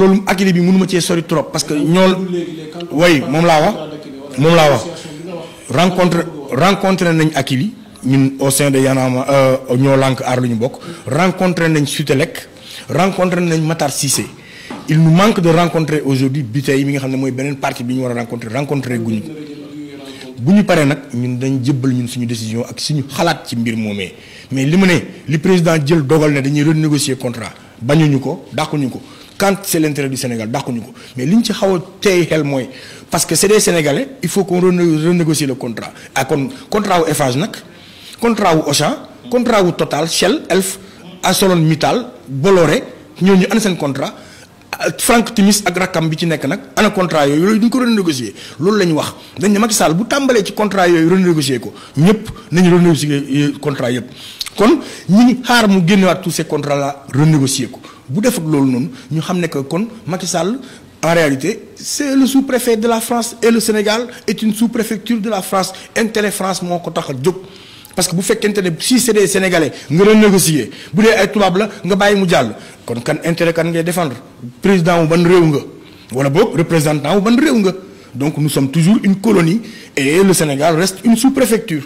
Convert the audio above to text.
loolu acculé bi mënuma ci sori trop parce que ñol way mom la wax mom la wax rencontre rencontré nañ akili ñun au sein de Yanama euh, ñoo lànk aar lu ñu bokk rencontré nañ Sutelec rencontré nañ Matar Cissé il nous manque de rencontrer aujourd'hui Bitey mi nga xam moy benen parti bi ñu wara rencontrer rencontrer guñu buñu paré nak ñun dañ jëbbal ñun suñu décision ak suñu xalaat ci mbir moomee mais li mu li président jël dogal né dañuy renégocier contrat bañuñu ko dàquñu ko quand c'est l'intérêt du Sénégal D'accord ko mais li ñu ci xaw tey parce que c'est des Sénégalais il faut qu'on renégocie le contrat ah contrat au Eiffage contrat au Auchan contrat au Total Shell Elf Metal, Bolloré ñooñu an seen contrat Frank Timis ak rakkam bi ci nekk nag ana contrat yoy yooyu duñ ko renégocier loolu lañ wax dañ ne Macky Sall bu tambalé ci contrat yoy renégocier ko ñep nañu renégocier contrat yep kon ñi ngi xaar mu wat tous ces contrats là renégocier ko bu deful loolu nous ñu xam que kon Macky Sall en réalité c'est le sous-préfet de la France et le Sénégal est une sous-préfecture de la France intérêt France mon contact tax parce que bu fekkente ne si c'est des sénégalais nga renégocier bu dee ay tubaab la nga bàyyi mu jàll kon kan intérêt kan ngay défendre président wu ban réew nga wala représentant wu ban réew nga donc nous sommes toujours une colonie et le Sénégal reste une sous-préfecture.